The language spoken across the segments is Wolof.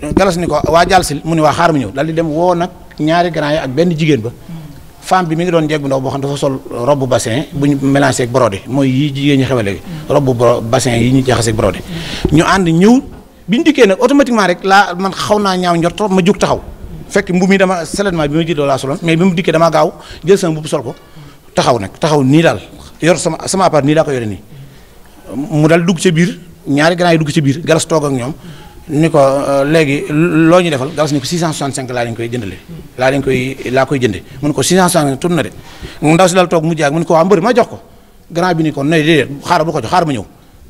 galas ni ko waa jàll si mu ni waa xaar mu ñëw daal di dem woo nag ñaari grand ak benn jigéen ba femme bi mi ngi doon jeeg bu ndaw boo xam dafa sol robe bu ñu mélangé ak brodé mooy yi jigéen ñi xewe léegi robe bassin yi ñu jaxase ak brodé ñu ànd ñëw bi ñu dikkee nag automatiquement rek laa man xaw naa ñaaw njort trop ma jug taxaw fekk mbubb mi dama seulement bi ma jëloo laa soloon mais bi mu dikkee dama gaaw jël sama mbubb sol ko taxaw nag taxaw nii daal yor sama sama appart nii laa ko yore nii mu dal dugg ci biir ñaari grand yi dugg ci galas toog ak ñoom ni ko euh, léegi loo ñu defal galas ni ko 665 laa leen koy jëndalee laa leen koy laa koy jënde mun ko 665 tur na de ndaw si dal toog mu jaag ko waa mbëri ma jox ko grand bi ni ko nay déedéet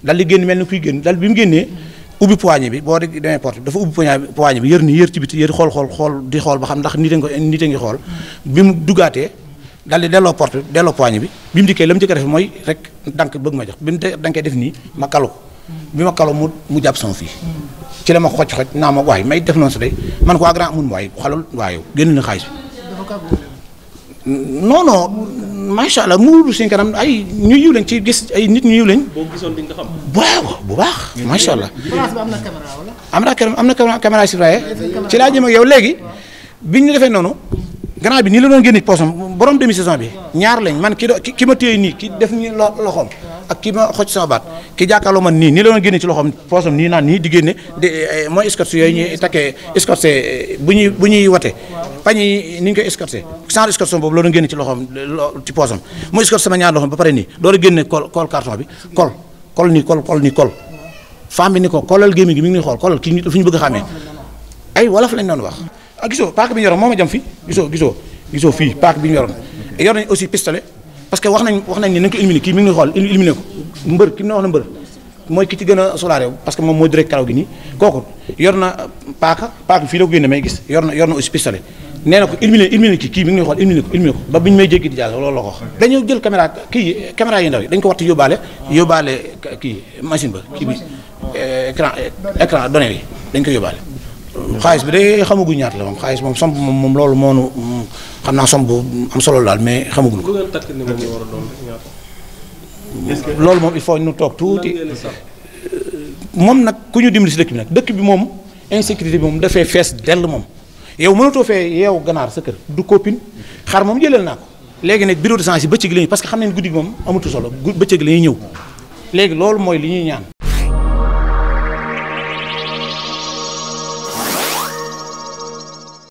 dal di bi mu génnee boo dee demee porte dafa ubbi poignée bi yër ni yër ci biti yër xool xool xool di xool ba bi mu dugaatee dal mu la mu jëkk a def mooy rek dank bëgg ma jox bi mu dankee def nii ma kalu ko bi ma kalu mu mu jàpp sama fii ci la ma xoj xoj naa ma waaye may def noonu si day man ko ak grand amun waaye xalal waaye génn na xaalis bi non non macha allah muur suñ kanam ay ñu yiw lañ ci gis ay nit ñu yiw lañ. boo gisoon xam. waaw bu baax. macha allah am na caméra wala. am na caméra am na ci laa jëm ak yow léegi biñ ñu defee noonu. grand bi nii la doon génne poosam borom demi saison bi. ñaar lañ man ki do ki ma téye nii ki def nii loxoom. ak kii ma xoj sama baat ki jàkkaarloo man nii nii la doon génne ci loxoom poosam nii naan nii di génne di eh, mooy escorte yooyu ñuy takkee escorte eh, bu ñuy bu ñuy wote pañ yi ni ñu koy escorte sans escorte ci loxoom ci poosam mu escorte sama ñaar loxoom a génne kol kol carton bi kol kol nii kol kol bi ni ko kolal gémmi gi mi ngi xool kolal kii fi ñu bëgg a xàmmee ay wolof lañ doon wax ah gisoo paak bi ñu yoroon moo ma jam fi gisoo gisoo gisoo fii paak bi ñu yoroon yor nañ aussi pistolet parce que wax nañ wax nañ ne nañ ko éliminer kii mi ngi xool éliminer ko mbër ki mu ne wax na mbër mooy ki ci gën a solaare parce que moom mooy direct karaw gi nii kooku yor na paaka paaka fii la ko génne may gis yor na yor na aussi pistolet nee na ko éliminer éliminer kii kii mi ngi xool éliminer ko éliminer ko ba bu ñu may jéggi di jàll loolu la ko wax dañoo jël caméra kii caméra yi ndaw yi dañ ko waxtu yóbbaale yóbbaale kii machine ba kii bi eh, écran eh, écran données yi dañ ko yóbbaale xaalis bi de xamaguñ ñaata la moom xaalis moom somp moom moom loolu moo nu xam naa somp am solo laal mais xamaguñ ko. loolu moom il faut ñu toog tuuti. moom nag ku ñu dimbali si dëkk bi nag dëkk bi moom insécurité bi moom dafay fees dell moom yow mënatoo fee yeewu ganaar sa kër du copine xar moom jëleel naa ko léegi nag bureau de change yi bëccëg la ñuy parce que xam nañ guddi moom amatu solo bëccëg la ñuy ñëw léegi loolu mooy li ñuy ñaan.